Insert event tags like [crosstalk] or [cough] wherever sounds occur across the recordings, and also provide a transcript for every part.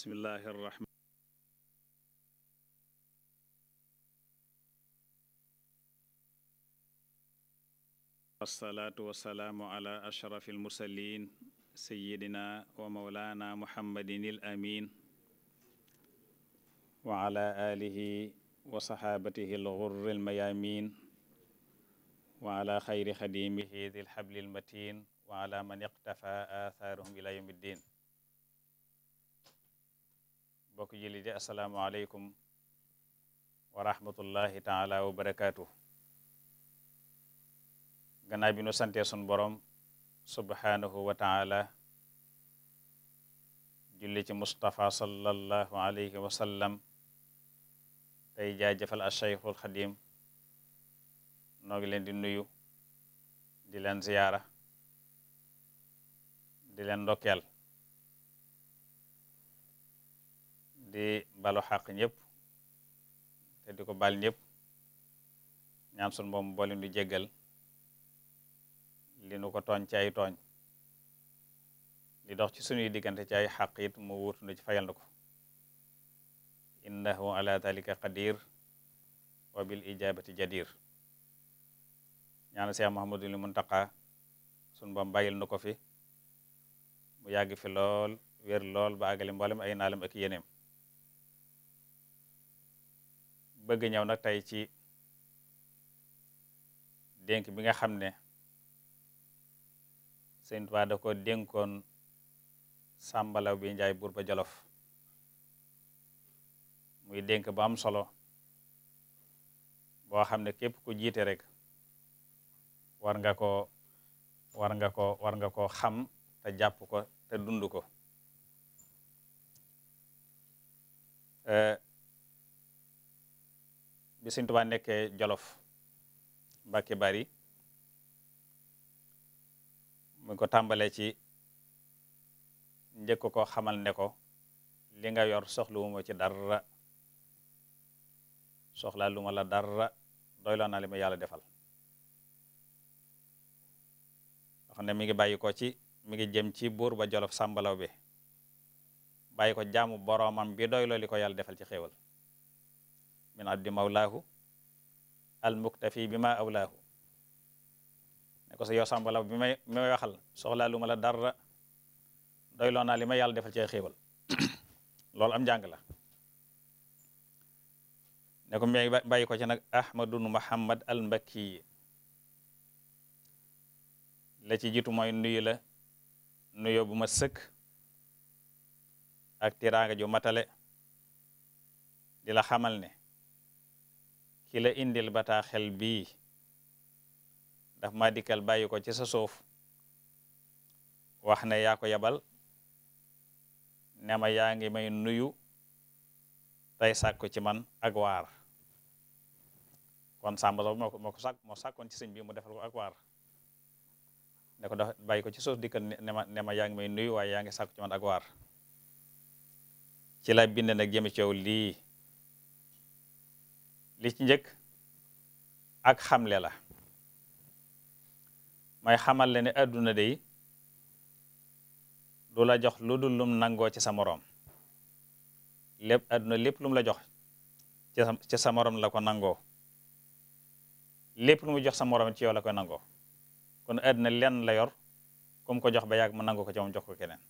bismillahi arrahman wassalaatu wassalaamu ala ashrafi almursalin sayidina wa maulana muhammadin il amin wa ala alihi wa saxaabatihi alxurri almayamin wa ala xayri xadimihi di lxabli almatin wa ala man iqtafa athaarahum ila yawmi ddin bokk julli di asalaamaaleykum wa rahmatullahi taala wa barakaatu gannaaw nu santee borom subhaanahu wa taala julli ci Mustapha sallallahu alayhi wa sallam tey jaajëfal ashaykhul xadim noo ngi leen di nuyu di leen ziyaara di leen ndokkeel di balu xàq ñépp te di ko bal ñépp ñaan sun moom boole nu jéggal li nu ko tooñ ci tooñ li dox ci sunuy diggante ci ay xàq it mu wuutu nu ci fayal na ko innahu ala dalika qadir wa bil ijabati jadir ñaana Seex Muhammadul Muntaqa sun boom bàyyil nu ko fi mu yàgg fi lool wér lool ba àggale mboolem ay naalam ak yéneem bëgg ñaw nag tey ci dénk bi nga xam ne Sëñ ko dénkoon sàmbalaw bi njaay buur ba jolof muy dénk ba am solo boo xam ne képp ku jiite rek war nga ko warnga ko war nga ko xam te jàpp ko te dund ko bi Sëñ Tuubaa nekkee Jolof Mbàkke Bari mu ko tàmbalee ci njëkk ko xamal ne ko li nga yor soxluwuma ci dara soxlaa lu ma la dara doyloo naa li ma yàlla defal xam ne mi ngi bàyyi ko ci mi ngi jëm ci buur ba jolof sàmbalaw bi bàyyi ko jaamu boroomam bi doyloo li ko yàlla defal ci xéewal min abdi mawlaahu al muktafi bi ma awlaahu ne ko sa yow sàmba la bi may may waxal soxlaa lu ma la dara doy loo li ma yàlla defal ci ay xéewal [coughs] loolu am njàng la ne ko may ko ci nag ahmadun muhammad al mbakki la ci jitu mooy nuyu la bu ma sëkk ak ju matale di la xamal ne ki la indil bataaxel bii daf ma dikkal bàyyi ko ci sa suuf wax ne yaa ko yabal ne ma yaa ngi may nuyu tey sàkku ci man ak waar kon Samba Sow moo ko moo ko sàkk moo sàkkoon ci sëñ bi mu defal ko ak waar ne ko dafa bàyyi ko ci suuf dikkal ne yaa ngi may nuyu waaye yaa ngi sàkku ci man waar ci la bind nag jëme ci yow lii li ci njëkk ak xamle la mooy xamal la ne àdduna day du la jox lu du lum nangoo ci sa moroom lépp àdduna lépp lum la jox ci sa ci sa moroom la ko nangoo lépp lu mu jox sa moroom ci yow koy nangoo kon àdduna lenn la yor kom ko jox ba yàgg mu nangu ko ci moom jox ko keneen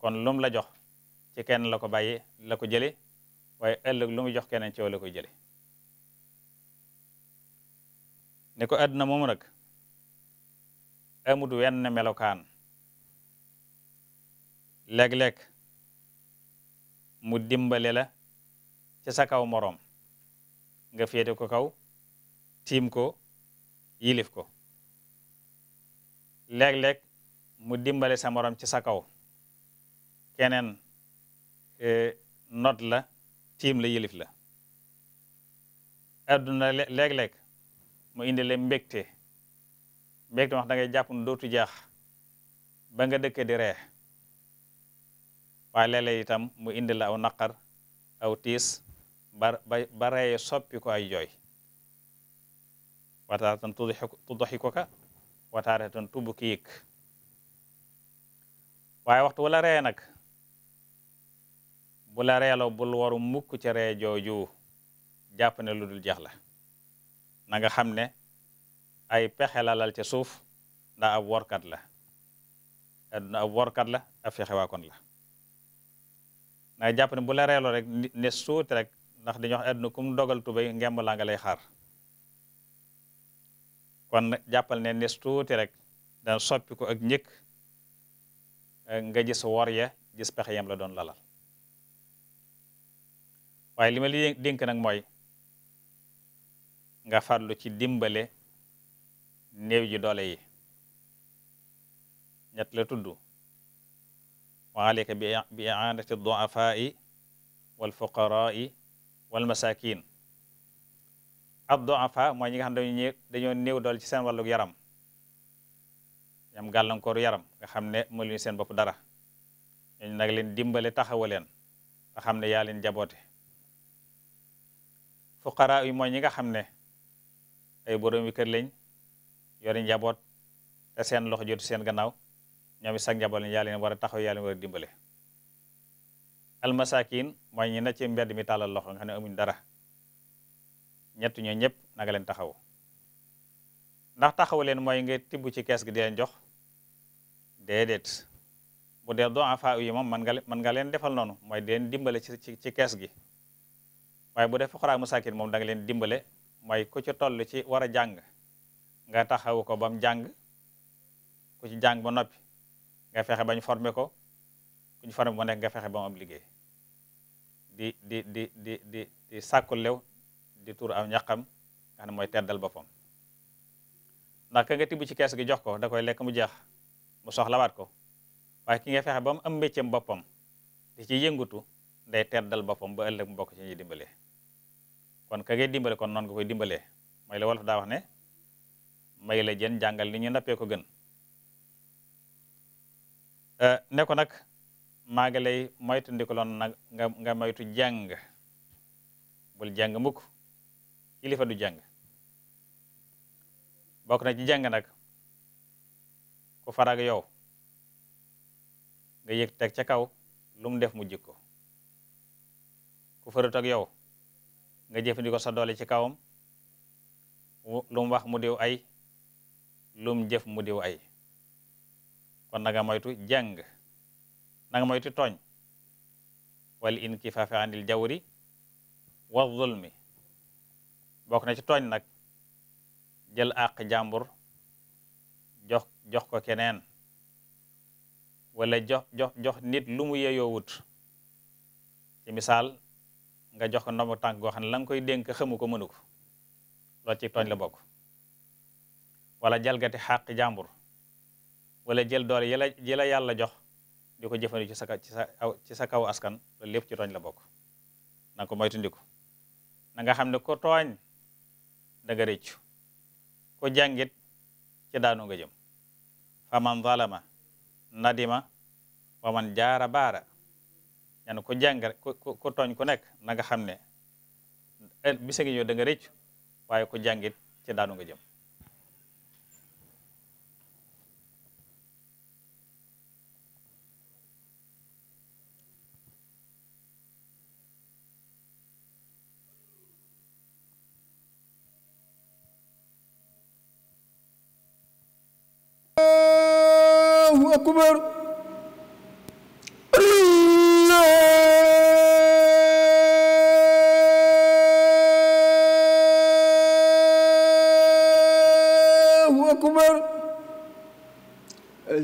kon lum la jox ci kenn la ko bàyyee la ko jële waaye ëllëg lu mu jox keneen ci yow koy jële ne ko àdduna moomu nag amut wenn melokaan léeg-léeg mu dimbale la ci sa kaw morom nga féete ko kaw tiim ko yilif ko léeg-léeg mu dimbale sa morom ci sa kaw keneen eh, not la tiim la yilif la adduna léeg-léeg mu indi leen mbégte mbégte wax da ngay jàpp ne dootu jaax ba nga dëkk di ree waaye léeg-léeg itam mu indi la aw naqar aw tiis ba ba soppi ko ay jooy wataaratan tudhikuka wataaratan tubkiik waaye waxtu wala ree nag bu la reeloo bul waru mukk ca jooju jàpp ne lu dul jeex la na nga xam ne ay pexe la lal ca suuf ndax ab workat la adduna workat la ab fexe waakoon la na nga jàpp ne bu la reeloo rek ne suuti rek ndax dañuy wax adduna kum dogal tubay ngemb laa nga lay xaar kon jàppal ne nes tuuti rek dana soppi ko ak njëkk eh, nga jis wor ya gis pexe yam la doon lalal waaye li ma li dénk nag mooy nga farlu ci dimbale néew ji doole yi ñett la tudd wa alayka bi i'anati du'afaa'i wal fuqaraa'i wal masaakin ad du'afa mooy ñi nga xam ne dañoo néew doole ci seen wàllu yaram ñam gàllankooru yaram nga xam ne mënuñu seen bopp dara ñooñu nag leen dimbale taxawa leen nga xam ne yaa leen jaboote fuqaraa yi mooy ñi nga xam ne ay boroomi kër lañ yori njaboot te seen loxo jot seen gannaaw ñoom it sax njaboot lañ yaa leen war a taxaw yaa leen war a dimbale almasakin mooy ñi na ci mbedd mi tàllal loxo nga ne amuñ dara ñett ñoo ñëpp nanga leen taxaw ndax taxaw leen mooy nga tibb ci kees gi di leen jox déedéet bu dee doo afa yi moom man nga mën nga leen defal noonu mooy di dimbale ci ci kees gi waaye bu dee fuqaraa masakin moom da leen dimbale mooy ku ci toll ci war a jàng nga taxawu ko ba mu jàng ku ci jàng ba noppi nga fexe bañ formé ko ku ñu formé ba nekk fexe ba am liggéey di di di di di di sàkku lew di tur am ñaqam nga xam ne mooy teddal boppam ndax ka nga tibb ci kees gi jox ko da koy lekk mu jeex mu soxlawaat ko waaye ki nga fexe ba mu am mbéccam boppam di ci yëngutu day dal boppam ba ëllëg mu bokk ci ñuy dimbale kon ka ngay dimbale kon noonu nga koy dimbalee mooy la wolof daa wax ne may la jën jàngal ni ñu nappee ko gën ne ko nag maa ngi lay moytu ndikaloon nag nga nga moytu jàng bul jàng mukk kilifa du jàng bokk na ci jàng nag ku farag yow nga yëg teg ca kaw lu def mu jikko ko farut yow nga jëfandikoo sa doole ci kawam lu wax mu diw ay lu jëf mu diw ay kon na moytu jàng na moytu tooñ wal inkifaafi anil jawri wa zulmi bokk na ci tooñ nag jël àq jàmbur jox jox ko keneen wala jox jox nit lu mu yeyoowut ci misaal nga jox ko ndomb tànk goo xam ne la nga koy dénk xamu ko mënu ko loolu ci tooñ la bokk wala jalgati xàq jàmbur wala jël doole yala ji yàlla jox di ko jëfandiku ci sa ci sa kaw askan loolu lépp ci tooñ la bokk na nga ko moytandiku na nga xam ne ko tooñ da nga réccu ko jàngit ci daanu nga jëm faman zalama nadima wa jaara baara ñaan ko jàng ku ko tooñ ku nekk na xam ne eh, bisa ngi ñëw da waaye ko jàngit ci daanu nga jëm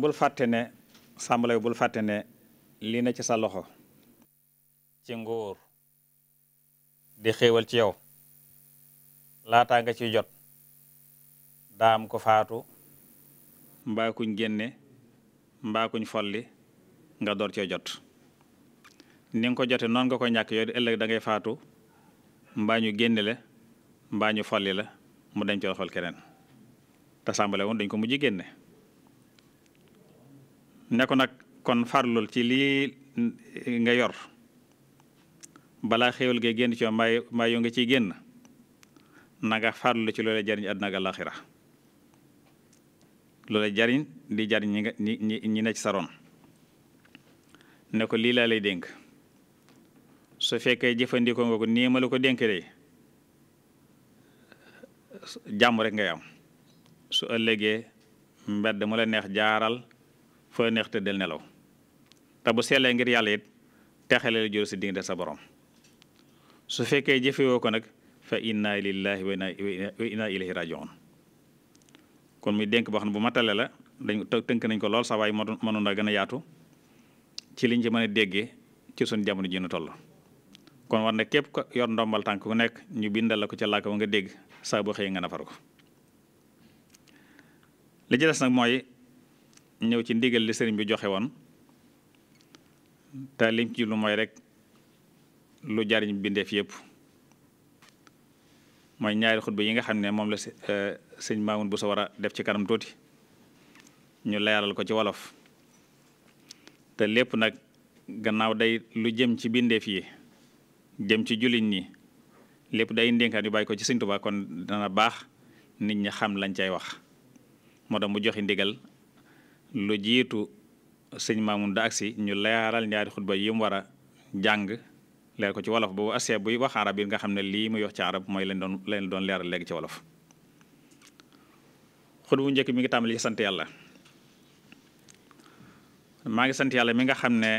bul fàtte ne sàmbalaw bul fàtte ne lii na ci sa loxo ci nguur di xéewal ci yow laataa nga ci jot daa am ko faatu mbaa kuñ génne mbaa kuñ folli nga door cee jot ni ko jote noonu nga ko ñàkk yooyu ëllëg da ngay faatu mbaa ñu génne la mbaa ñu folli la mu dem ci loxol keneen te sàmbale woon dañ ko mujj génne ne ko nag kon farlul ci lii nga yor balaa xéewal gee génn ci yow mbaa mbaa yoo nga ciy génn naga nga farlu ci loola jariñ àdduna ak àllaaxira loola jariñ di jariñ ñi nga ñi ñi ñi ne ci sa ron ne ko lii laa lay dénk su fekkee jëfandikoo ko nii ma ko dénk de jàmm rek ngay am su ëllëgee mbedd mu neex jaaral foo neex te del nelaw te bu sellee ngir yàlla it texale la jël si diggante sa borom su fekkee jëfewoo ko nag fa inna lillahi wa inna ilayhi rajiun kon muy dénk boo xam ne bu matale la dañ tënk nañ ko lool sa waay mënoon na gën a yaatu ci liñ ci mën a déggee ci suñ jamono ji nu toll kon war na képp ko yor ndombal tànk ku nekk ñu bindal la ko ca làkk wa nga dégg saa boo nga nafar ko li ci nag mooy ñëw ci ndigal li sëriñ bi joxe woon te lim ci lu mooy rek lu jariñ bindeef yëpp mooy ñaari xutba yi nga xam ne moom la euh, sëñ Maamun bu sa war a def ci kanam tuuti ñu layalal ko ci wolof te lépp nag gannaaw day lu jëm ci bindeef yi jëm ci jullit ñi lépp day ndénkaan yu bàyyi ko ci sëñ Tuubaa kon dana baax nit ñi xam lañ cay wax moo tax mu joxe ndigal lu jiitu sëñ Maamun da agsi ñu leeral ñaari xutba yi mu war a jàng leer ko ci wolof boobu asee buy wax arab nga xam ne lii muy wax ci arab mooy leen doon leen doon leeral léegi ci wolof xutba bu njëkk mi ngi tàmbali ci sant yàlla maa ngi sant yàlla mi nga xam ne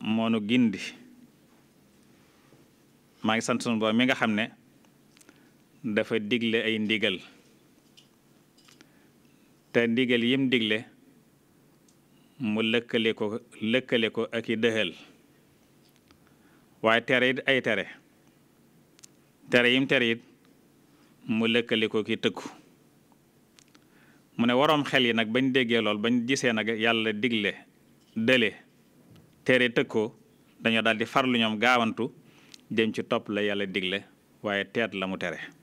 moonu gindi maa ngi sant sunu borom mi nga xam ne dafa digle ay ndigal te ndigal yim digle mu lëkkale ko ko ak i dëxal waaye tere it ay tere tere yim tere it mu lëkkale ko ki tëkku mu ne waroom xel yi nag bañ déggee lool bañ gisee nag yàlla digle dële tere tëkkoo dañoo daal di farlu ñoom gaawantu jëm ci topp la yàlla digle waaye teet la mu tere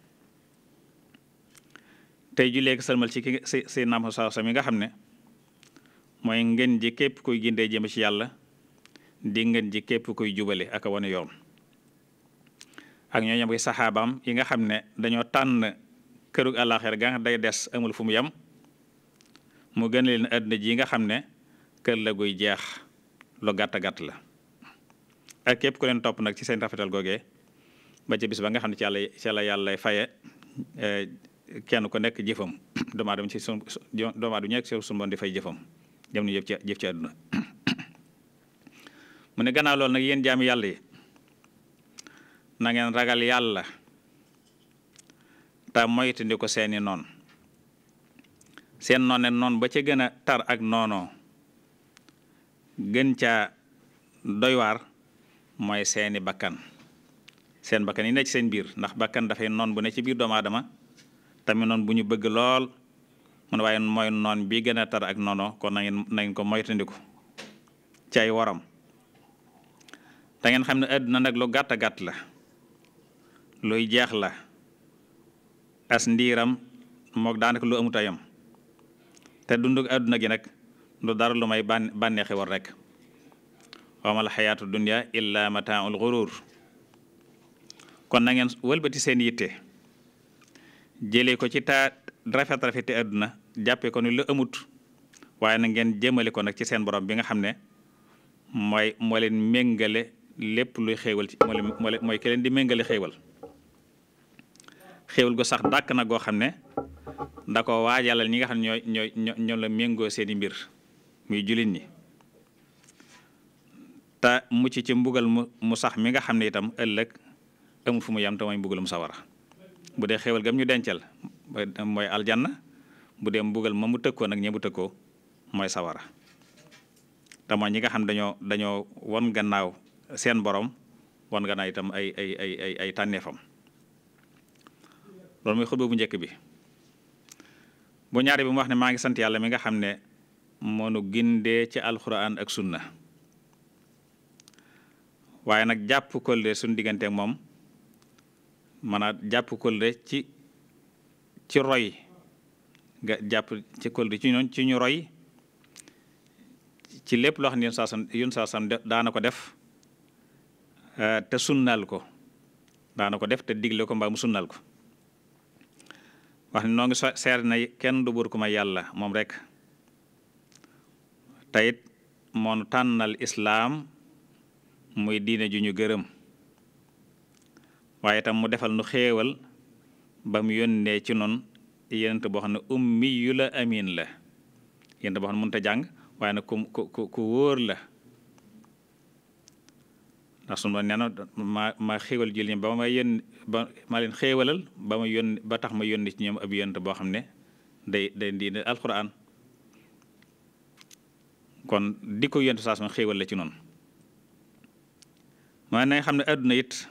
tey ju léegi salmal ci ki si si naam sa mi nga xam ne mooy ngeen ji képp kuy gindee jëm ci yàlla di ngeen ji kuy jubale ak wane yoon ak ñoo ñam koy saxaabaam yi nga xam ne dañoo tànn kërug àllaaxeer ga nga day des amul fu mu yem mu gën leen àddina ji nga xam ne kër la guy jeex lu gàtta gàtt la ak képp ku leen topp nag ci seen rafetal googee ba ci bis ba nga xam ne ci yàlla ci la yàlla faye eh, kenn ku nekk jëfam [coughs] doomu aadama ci sun doomu aadama ñekk di fay jëfam jëm ñu jëf ci jëf [coughs] mu ne gannaaw loolu nag yéen jaami yàlla yi na ragal yàlla te moytandi ko seeni noon seen noone noon ba ca gën a tar ak noonoo gën ca doy waar mooy seeni bakkan seen bakkan yi nekk ci seen biir ndax bakkan dafay noon bu ne ci biir doomu aadama tamit noon bu ñu bëgg lool mun waaye mooy noon bi gën a tar ak nono kon na ngeen ko moytandiku ci ay waram te ngeen xam ne àdduna nag lu gàtt gàtt la luy jeex la as ndiiram moog daanaka lu amut ayam te dunduk àdduna gi nag lu dara lu may ban bànneexi war rek wamal xayaatu dunya illa mataaul xuruur kon na ngeen wëlbati seen yitte jëlee ko ci taa rafet rafeti àdduna jàppee ko ni lu amut waaye na ngeen jëmale ko nag ci seen borom bi nga xam ne mooy moo leen méngale lépp luy xéewal ci mooy mooy ki leen di méngale xéewal xéewal gu sax dàkk na goo xam ne da ko waajalal ñi nga xam ne ñooy ñooy ñoom la méngoo seeni mbir muy jullit ñi te mucc ci mbugal mu mu sax mi nga xam ne itam ëllëg amul fu mu yam te mooy mbugalum sawara bu dee xéewal gam ñu dencal mooy aljanna bu dee mbugal ma mu tëkkoon ak ñi mu tëkkoo mooy sawara te mooy ñi nga xam dañoo dañoo won gannaaw seen boroom won gannaaw itam ay ay ay ay ay tànneefam loolu mooy xutba bu njëkk bi bu ñaari bi mu wax ne maa ngi sant yàlla mi nga xam ne moonu gindee ci alxuraan ak sunna waaye nag jàpp kollee suñ digganteek moom maanaam jàpp kóllëre ci ci jàpp ci kóllëre ci ci ñu roy ci lépp loo ne yun saa sam saa sam daana ko def euh, te sunnal ko daana ko def te digle ko mbaa mu sunnal ko wax ne noo ngi seer na kenn du buur ku ma yàlla moom rek teyit moonu tànnal islaam muy diine ju ñu gërëm waaye tam mu defal nu xéewal ba mu yónnee ci noonu yonent boo xam ne ummi yu la amiin la yonent boo xam ne mënut a jàng waaye nag ku ku la ndax sunu ma ma xéewal jul ba ma yónni ba ma leen xéewalal ba ma yónni tax ma yónni ci ñoom ab yonent boo xam ne day day diine alquran kon di ko yonent saas ma xéewal la ci noonu ma ne xam ne àdduna it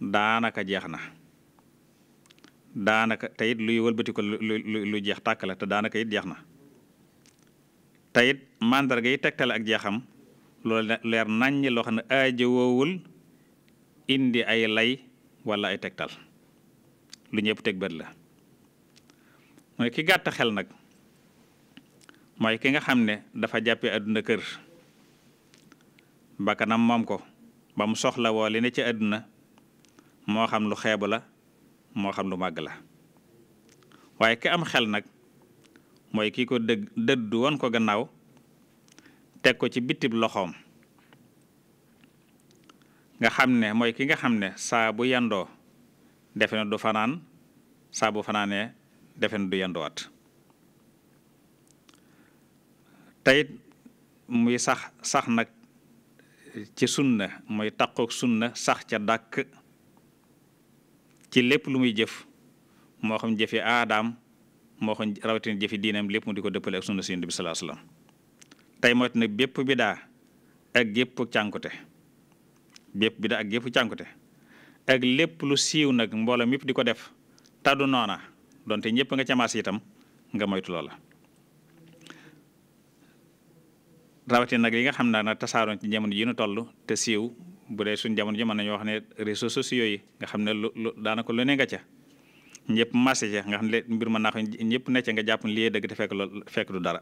daanaka jeex na daanaka te luy wëlbati ko lu jeex tàkk la te daanaka it jeex na te it mandarga yi tegtale ak jeexam loolu leer naññ loo xam ne aajowoowul indi ay lay wala ay tegtal lu ñëpp teg bët la mooy ki gàtt xel nag mooy ki nga xam ne dafa jàppe àdduna kër bakkanam moom ko ba mu soxla woo ci àdduna moo xam lu xeebu la moo xam lu màgg la waaye ki am xel nag mooy kii ko dëgg dëddu woon ko gannaaw teg ko ci bitim loxoom nga xam ne mooy ki nga xam ne saa bu yandoo defe na du fanaan saa bu fanaanee defe na du yandoowaat teyit muy sax sax nag ci sunna mooy takkook sunna sax ca dàkk ci lépp lu muy jëf moo xam jëfi aadaam moo xam rawatina jëfi diinam lépp mu di ko dëppale ak sunna si Yonent bi sallallahu alayhi wa sallam tey mooy nag bépp bidaa ak gépp cànkute bépp bidaa ak gépp cànkute ak lépp lu siiw nag mboolam mépp di ko def tàddu noona donte ñëpp nga camaas itam nga moytu loola rawatina nag li nga xam naa nag tasaaroon ci jamono yi nu toll te siiw bu dee suñ jamono ji mën nañoo wax ne réseaux sociaux yi nga xam ne lu lu daanaka lu ne nga ca ñëpp marché ca nga xam ne mbir ma naa ko ñëpp ne ca nga jàpp ne lii dëgg te fekk du dara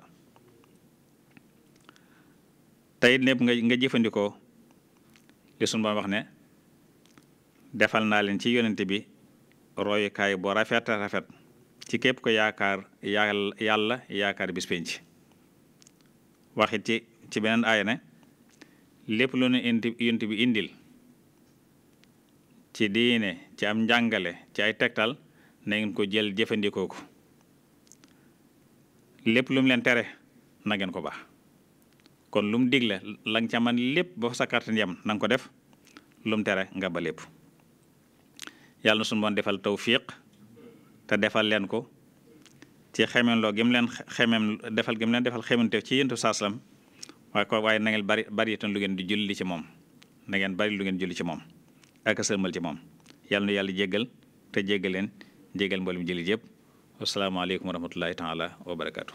tey lépp nga nga jëfandikoo li suñ ba wax ne defal naa leen ci yonent bi royukaay boo rafet rafet ci képp ko yaakaar yàlla yaakaar bis penc waxit ci ci beneen aaya lépp lu ne yonent bi indil ci diine ci am njàngale ci ay tegtal na ngeen ko jël jëfandikoo ko lépp lum leen tere nageen ko ba kon lu mu digle la ca man lépp ba fa sa kàttan yam na ko def lu mu tere nga ba lépp yàlla na suñu boon defal tawfiq te defal leen ko ci xemenloo loo mu leen xemem defal gi mu leen defal xemante ci yéntu saaslam waaye ko waaye na bari bari itam lu ngeen di julli ci moom na bari lu ngeen julli ci moom ak sërmal ci moom yàlla na yàlla jéggal te jéggal leen jéggal mboolem jullit yëpp asalaamaaleykum wa rahmatullahi taala wa barakaatu.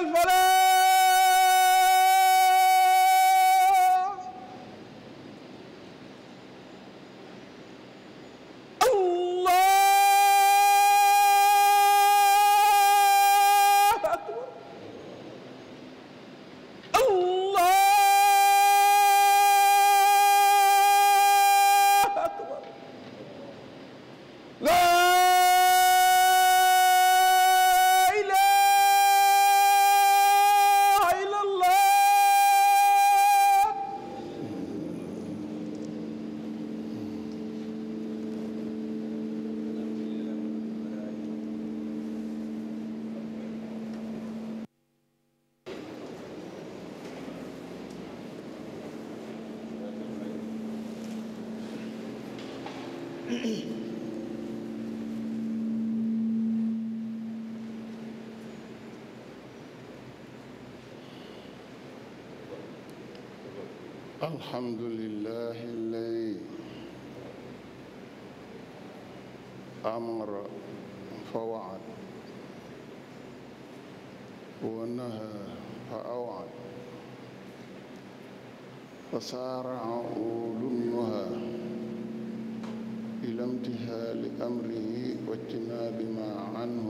الفلاح الحمد لله الذي أمر فوعد ونهى فأوعد وسارع لمها إلى امتثال أمره واجتناب ما عنه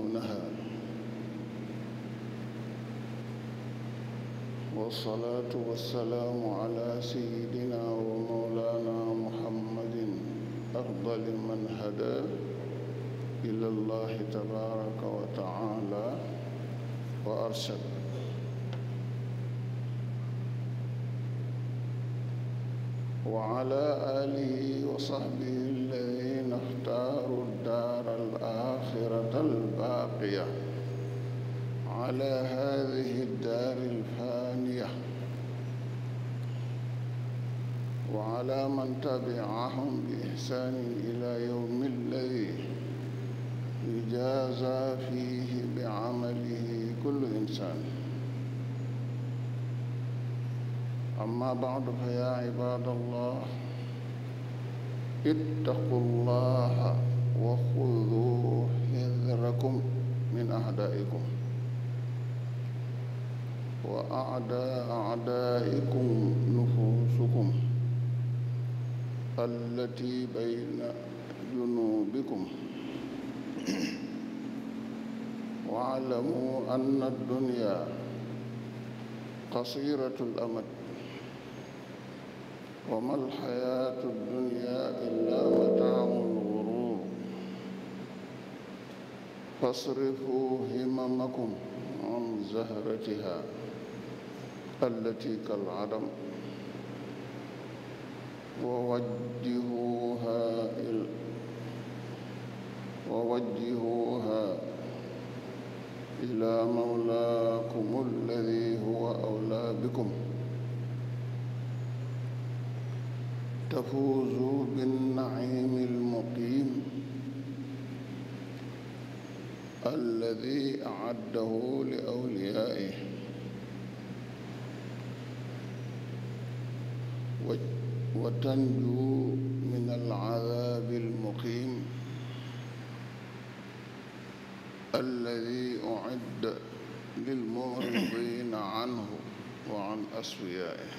والصلاة والسلام على سيدنا ومولانا محمد أفضل من هدى إلى الله تبارك وتعالى وأرشد وعلى آله وصحبه الذين اختاروا الدار الآخرة الباقية على هذه الدار الفارقة وعلى من تبعهم بإحسان إلى يوم الذي يجازى فيه بعمله كل إنسان أما بعد فيا عباد الله اتقوا الله وخذوا حذركم من أعدائكم وأعداء أعدائكم نفوسكم التي بين جنوبكم واعلموا أن الدنيا قصيرة الأمد وما الحياة الدنيا إلا متاع الغرور فاصرفوا هممكم عن زهرتها التي كالعدم ووجهوها إل ووجهوها إلى مولاكم الذي هو أولى بكم تفوزوا بالنعيم المقيم الذي أعده لأوليائه وتنجو من العذاب المقيم الذي أعد للمعرضين عنه وعن أسويائه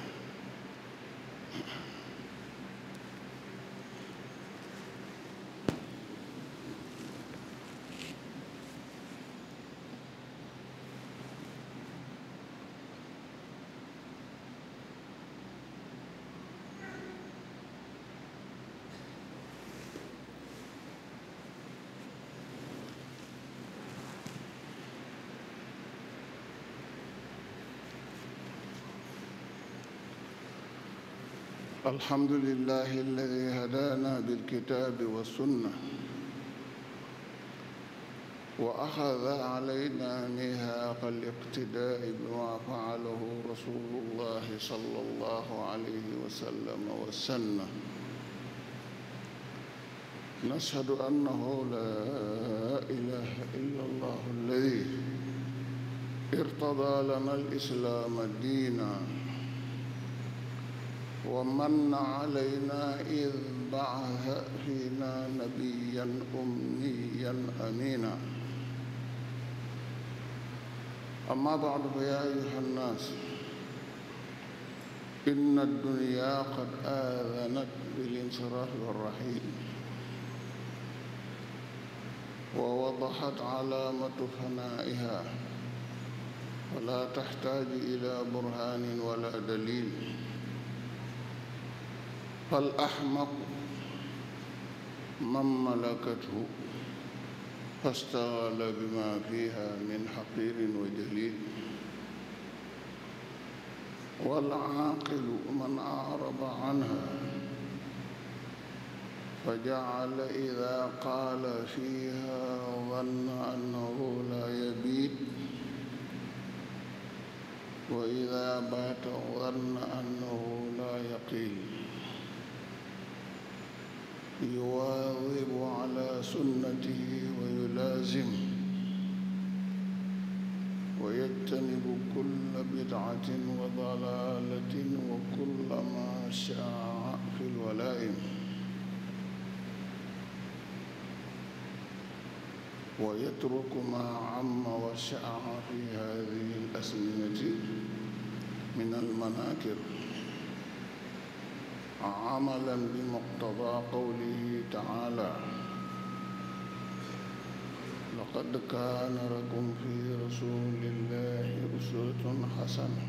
الحمد لله الذي هدانا بالكتاب والسنة وأخذ علينا ميثاق الاقتداء بما فعله رسول الله صلى الله عليه وسلم والسنة نشهد أنه لا إله إلا الله الذي ارتضى لنا الإسلام ديناً ومن علينا إذ بعث فينا نبيا أمنيا أمينا أما بعد فيا أيها الناس إن الدنيا قد آذنت بالانصراف والرحيل ووضحت علامة فنائها ولا تحتاج إلى برهان ولا دليل fal axmaqu man malakathu fastaxala bima fiha min xaqirin wa jalil wal aaqilu man araba anha فجعل إذا قال فيها ظن أنه لا يبيت وإذا بات ظن أنه لا يقيل يواظب على سنته ويلازم ويجتنب كل بدعة وضلالة وكل ما شاع في الولائم ويترك ما عم وشاع في هذه الأزمنة من المناكر عملا بمقتضى قوله تعالى لقد كان لكم في رسول الله أسوة حسنة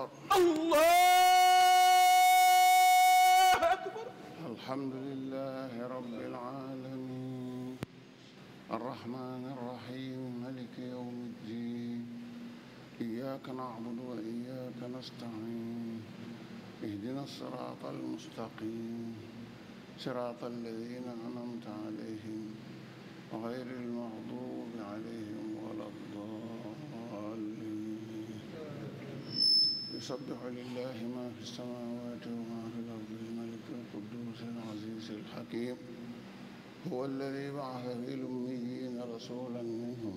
akbar allahu akbar alhamdulillahi rabbil alamin arrahmani arrahim maliki yawmi ddin iyyaka na'budu wa iyyaka nasta'in ihdina sirata almustaqim sirata alladhina an'amta alayhim غير المغضوب عليهم يسبح لله ما في السماوات وما في الأرض الملك القدوس العزيز الحكيم هو الذي بعث في الأميين رسولا منهم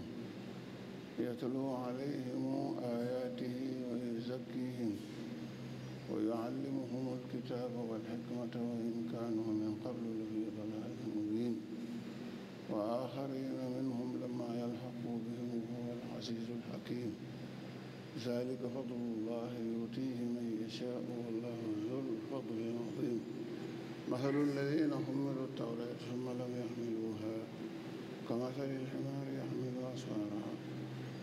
يتلو عليهم آياته ويزكيهم ويعلمهم الكتاب والحكمة وإن كانوا من قبل لفي ضلال مبين وآخرين منهم لما يلحقوا بهم هو العزيز الحكيم zaalika fadlullahi yu'tiihi man yashaa'u wallaahu zul fadlil aziim masalul laziina hummilu tawraata summa lam yahmiluuhaa kamasalil himaari yahmilu asfaaraa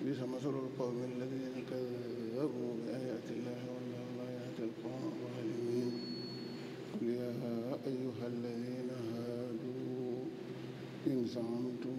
bi'sa masalul qawmi laziina kazzabuu bi aayaatillaahi wallaahu laa yahdil qawma zaalimiin qul yaa ayyuhal laziina haaduu in za'amtum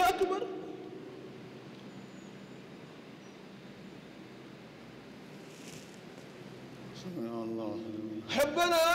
allahu akbar subhanallah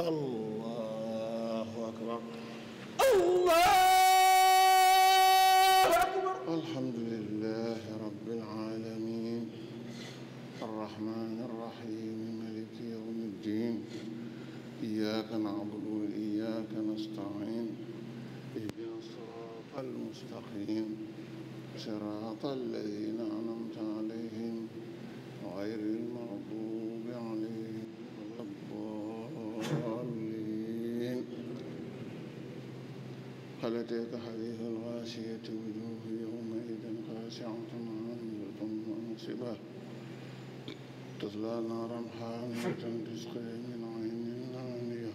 allahu akbar allahu akbar alhamdulilah rabbil alamin arrahman arrahim maliki yawmi ddin iyyaka na'budu wa iyyaka nasta'in ihdina sirata almustaqim sirata alladhina يديك حديث الغاشية وجوه يومئذ خاشعة عاملة ناصبة تصلى نارا حامية تسقي من عين آنية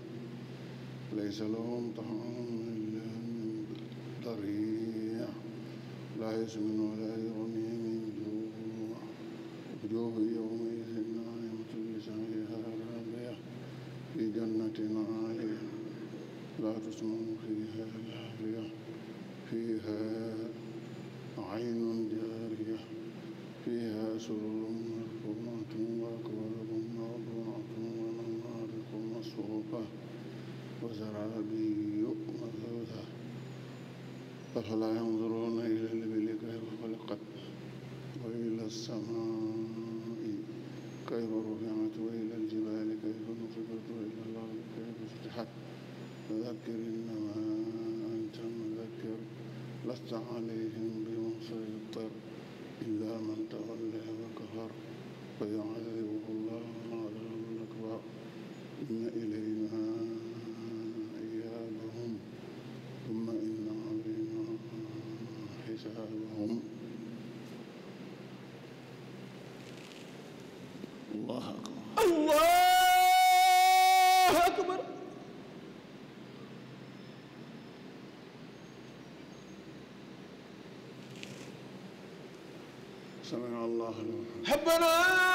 ليس لهم طعام إلا من ضريع لا يسمن ولا أفلا ينظرون إلى الإبل كيف خلقت وإلى السماء كيف رفعت وإلى الجبال كيف نصبت وإلى الأرض كيف فتحت فذكر إنما أنت مذكر لست عليهم بمسيطر إلا من تولى وكفر فيعذبه الله العذاب الأكبر إن سمع الله لمن حمده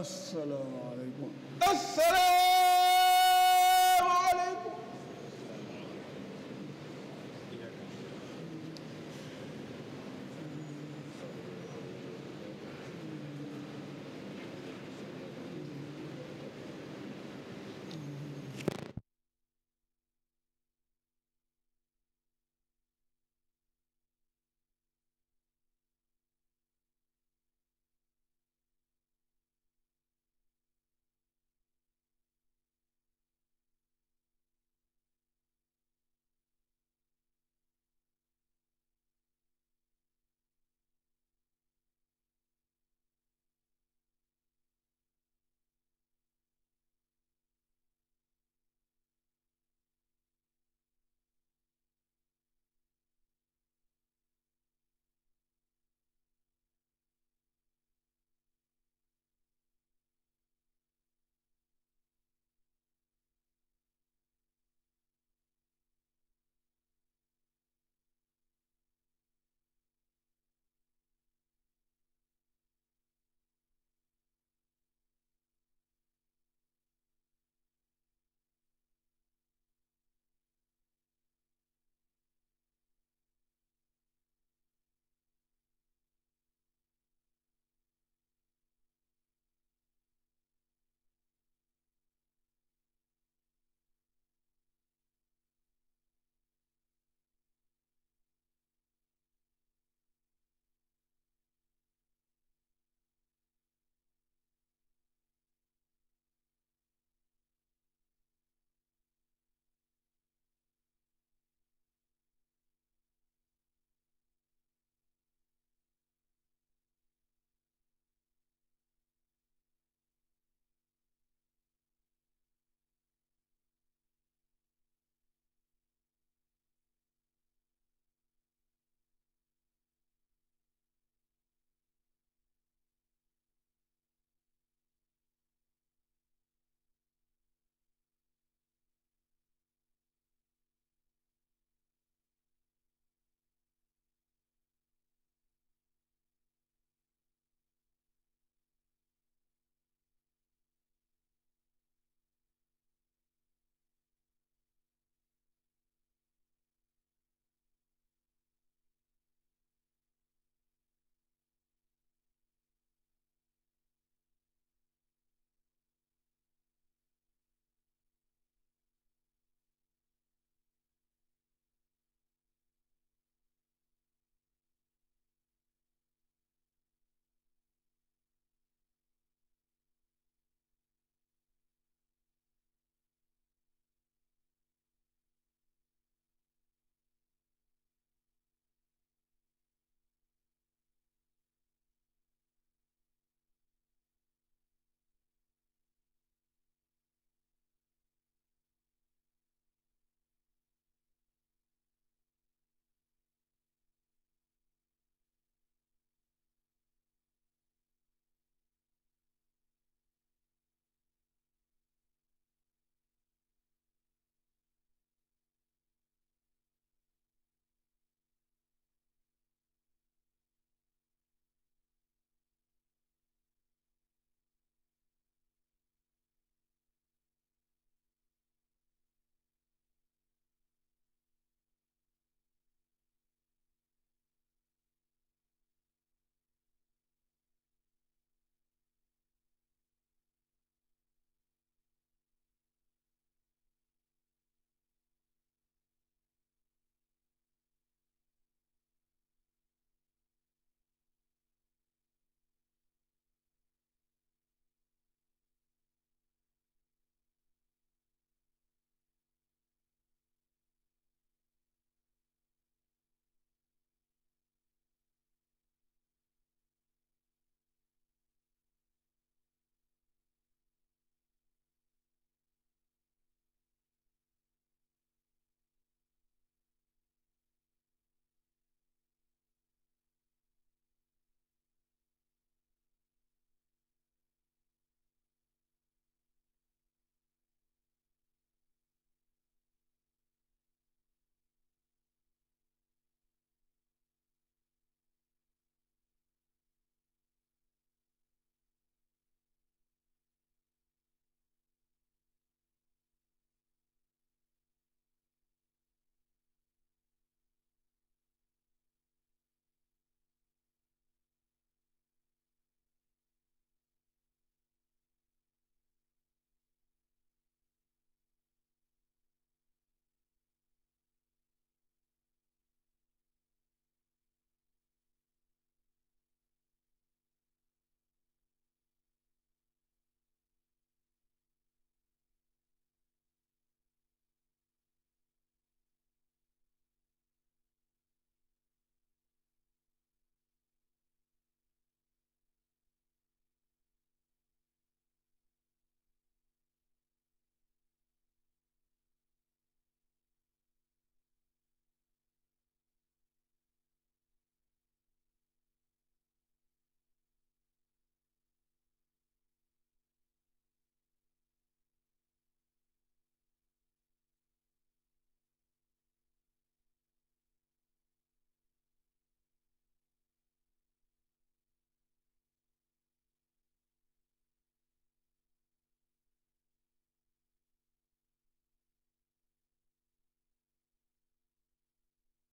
asalaamaaleykum asalaamaaleykum